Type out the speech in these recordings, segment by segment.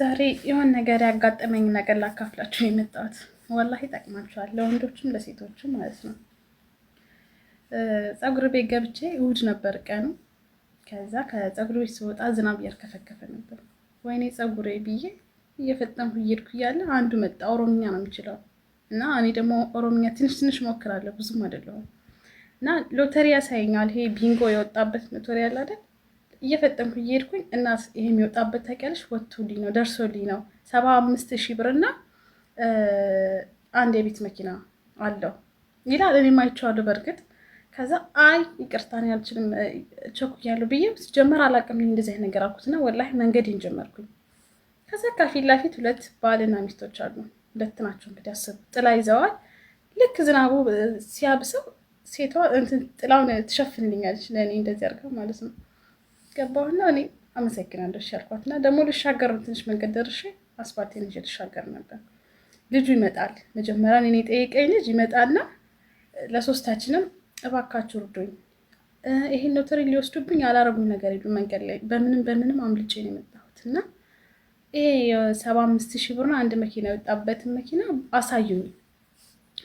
ዛሬ የሆን ነገር ያጋጠመኝ ነገር ላካፍላችሁ የመጣሁት ወላሂ ይጠቅማችኋል፣ ለወንዶችም ለሴቶችም ማለት ነው። ፀጉር ቤት ገብቼ ውድ ነበር ቀኑ። ከዛ ከፀጉር ቤት ስወጣ ዝናብ እያርከፈከፈ ነበር። ወይኔ ፀጉሬ ብዬ እየፈጠንኩ እየሄድኩ እያለ አንዱ መጣ። ኦሮምኛ ነው የሚችለው እና እኔ ደግሞ ኦሮምኛ ትንሽ ትንሽ ሞክራለሁ ብዙም አይደለሁም እና ሎተሪ ያሳየኛል። ይሄ ቢንጎ የወጣበት ሎተሪ ያለ አይደል እየፈጠንኩ እየሄድኩኝ እና ይሄ የሚወጣበት ታውቂያለሽ፣ ወጥቶልኝ ነው ደርሶልኝ ነው። ሰባ አምስት ሺህ ብርና አንድ የቤት መኪና አለው ይላል። እኔም አይቼዋለሁ በእርግጥ ከዛ አይ ይቅርታ እኔ አልችልም ቸኩያለሁ ብዬ ሲጀመር አላቅም እንደዚህ ነገር አልኩትና ወላሂ መንገዴን ጀመርኩኝ። ከዛ ከፊት ለፊት ሁለት ባልና ሚስቶች አሉ። ሁለት ናቸው እንግዲህ አስቡ። ጥላ ይዘዋል። ልክ ዝናቡ ሲያብሰው ሴቷ እንትን ጥላውን ትሸፍንልኛለች ለእኔ እንደዚህ አድርገው ማለት ነው። ገባሁና እኔ አመሰግናለሁ እሺ አልኳትና ደግሞ ልሻገር ነው ትንሽ መንገድ ደርሼ አስፋልቴን ይዤ ልሻገር ነበር። ልጁ ይመጣል መጀመሪያ እኔ የጠየቀኝ ልጅ ይመጣና ለሶስታችንም እባካችሁ እርዱኝ፣ ይሄን ሎተሪ ሊወስዱብኝ አላረጉኝ ነገር የሉ መንገድ ላይ በምንም በምንም አምልጬ ነው የመጣሁት እና ይሄ የሰባ አምስት ሺህ ብርና አንድ መኪና የወጣበትን መኪና አሳዩኝ፣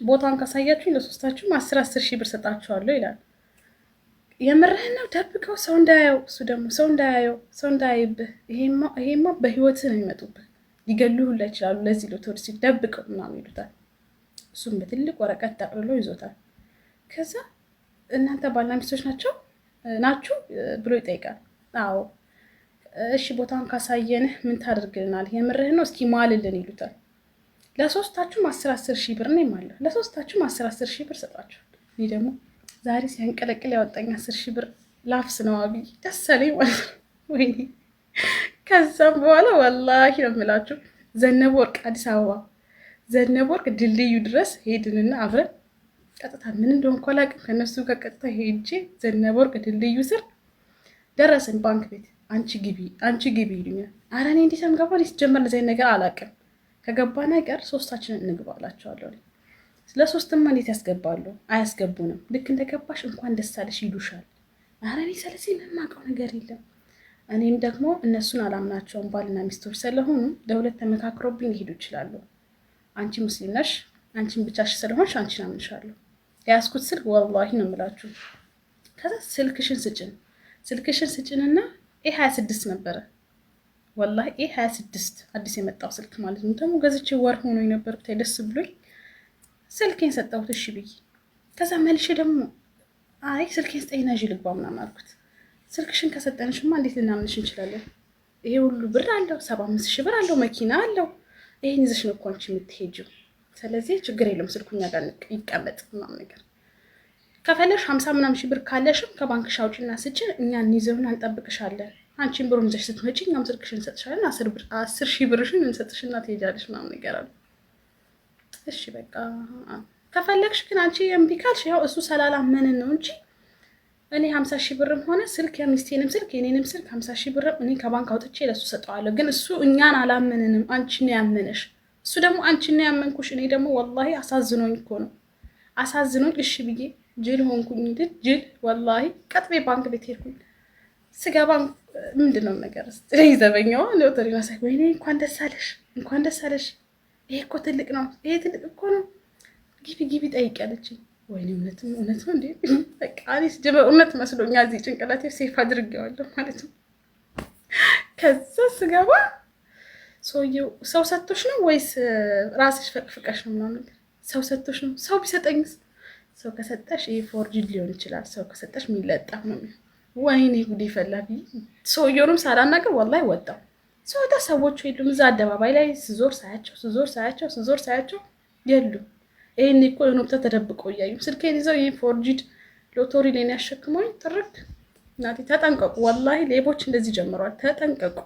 ቦታውን ካሳያችሁኝ ለሶስታችሁም አስር አስር ሺህ ብር ሰጣችኋለሁ ይላል። የምርህን ነው ደብቀው ሰው እንዳያየው እሱ ደግሞ ሰው እንዳያየው ሰው እንዳያይብህ። ይሄማ በህይወት ነው የሚመጡብህ፣ ሊገሉህ ሁላ ይችላሉ። ለዚህ ሎቶርሲ ደብቀው ምናምን ይሉታል። እሱም በትልቅ ወረቀት ጠቅልሎ ይዞታል። ከዛ እናንተ ባልና ሚስቶች ናቸው ናችሁ ብሎ ይጠይቃል። አዎ እሺ፣ ቦታውን ካሳየንህ ምን ታደርግልናል? የምርህን ነው እስኪ ማልልን ይሉታል። ለሶስታችሁም አስር አስር ሺህ ብር ነው ይማለ ለሶስታችሁም አስር አስር ሺህ ብር ሰጣችሁ። እኔ ደግሞ ዛሬ ሲያንቀለቅል ያወጣኝ አስር ሺህ ብር ላፍስ ነው አብይ ደስ አለኝ ማለት ነው። ወይኔ ከዛም በኋላ ወላሂ ነው የምላችሁ ዘነበ ወርቅ አዲስ አበባ ዘነብ ወርቅ ድልድዩ ድረስ ሄድንና አብረን ቀጥታ ምን እንደሆን ከነሱ አላውቅም። ከእነሱ ጋር ቀጥታ ሄጄ ዘነብ ወርቅ ድልድዩ ስር ደረስን። ባንክ ቤት አንቺ ግቢ አንቺ ግቢ ይሉኛል። አረ እኔ እንዴት ምገባ? ሲጀመር ነገር አላቅም። ከገባ ነገር ሶስታችንን እንግባ እላቸዋለሁ። ስለ ሶስትም እንዴት ያስገባሉ? አያስገቡንም። ልክ እንደገባሽ እንኳን ደስ አለሽ ይሉሻል። አረ እኔ ስለዚህ የማውቀው ነገር የለም። እኔም ደግሞ እነሱን አላምናቸውም። ባልና ሚስቶች ስለሆኑ ለሁለት ተመካክሮብኝ ሊሄዱ ይችላሉ። አንቺ ሙስሊም ነሽ፣ አንቺን ብቻሽ ስለሆንሽ አንቺን አምንሻለሁ። የያዝኩት ስልክ ወላሂ ነው የምላችሁ። ከዛ ስልክሽን ስጭን፣ ስልክሽን ስጭንና ኤ ሀያ ስድስት ነበረ ወላሂ ኤ ሀያ ስድስት አዲስ የመጣው ስልክ ማለት ነው። ደግሞ ገዝቼ ወር ሆኖ የነበር ብታይ ደስ ብሎኝ ስልኬን ሰጠሁት እሺ ብዬ። ከዛ መልሼ ደግሞ አይ ስልኬን ስጠኝና ይዤ ልግባ ምናምን አልኩት። ስልክሽን ከሰጠንሽማ እንዴት ልናምንሽ እንችላለን? ይሄ ሁሉ ብር አለው፣ ሰባ አምስት ሺህ ብር አለው፣ መኪና አለው። ይሄን ይዘሽ ነው እኮ አንቺ የምትሄጂው። ስለዚህ ችግር የለም ስልኩኛ ጋር ይቀመጥ ምናምን ነገር ከፈለሽ ሀምሳ ምናምን ሺህ ብር ካለሽም ከባንክሽ አውጭና ስጭ፣ እኛ እንይዘውን አንጠብቅሻለን። አንቺን ብሩን ይዘሽ ስትመጪ እኛም ስልክሽን እንሰጥሻለን። አስር ሺህ ብርሽን እንሰጥሽና ትሄጃለሽ ምናምን ነገር አለ። እሺ በቃ ከፈለግሽ ግን አንቺ እምቢ ካልሽ ያው እሱ ሰላላ ምን ነው እንጂ እኔ ሀምሳ ሺህ ብርም ሆነ ስልክ የሚስቴንም ስልክ የኔንም ስልክ ሀምሳ ሺህ ብርም እኔ ከባንክ አውጥቼ ለሱ ሰጠዋለሁ። ግን እሱ እኛን አላመንንም፣ አንቺን ያምንሽ። እሱ ደግሞ አንቺን ያመንኩሽ። እኔ ደግሞ ወላሂ አሳዝኖኝ እኮ ነው አሳዝኖኝ። እሺ ብዬ ጅል ሆንኩኝ፣ ጅል ወላሂ። ቀጥቤ ባንክ ቤት ሄድኩኝ። ስገባ ምንድነው ነው ነገር ይዘበኛው ሎተሪ ማሳይ፣ ወይኔ እንኳን ደስ አለሽ፣ እንኳን ደስ አለሽ ይሄ እኮ ትልቅ ነው፣ ይሄ ትልቅ እኮ ነው፣ ግቢ ግቢ ጠይቅ ወይኔ እውነት እውነት ነው እንዴ? በቃ ስጀመር እውነት መስሎኛ እዚህ ጭንቅላቴ ሴፍ አድርጌዋለሁ ማለት ነው። ከዛ ስገባ ሰውየው ሰው ሰቶች ነው ወይስ ራስሽ ፈቅፍቀሽ ነው ምናምን? ሰው ሰቶች ነው። ሰው ቢሰጠኝ ሰው ከሰጠሽ ይሄ ፎርጅድ ሊሆን ይችላል። ሰው ከሰጠሽ የሚለጣፍ ነው። ወይኔ ጉዴ ፈላ ብዬ ሰውየውንም ሳላናገር ወላሂ ወጣሁ። ስወጣ ሰዎቹ የሉም። እዛ አደባባይ ላይ ስዞር ሳያቸው ስዞር ሳያቸው ስዞር ሳያቸው የሉም። ይህን እኮ የሆነ ቦታ እያዩ ስልኬን ይዘው ይህ ፎርጂድ ሎቶሪ ሌን ያሸክመኝ ጥርግ። እናቴ ተጠንቀቁ፣ ወላሂ ሌቦች እንደዚህ ጀምረዋል። ተጠንቀቁ።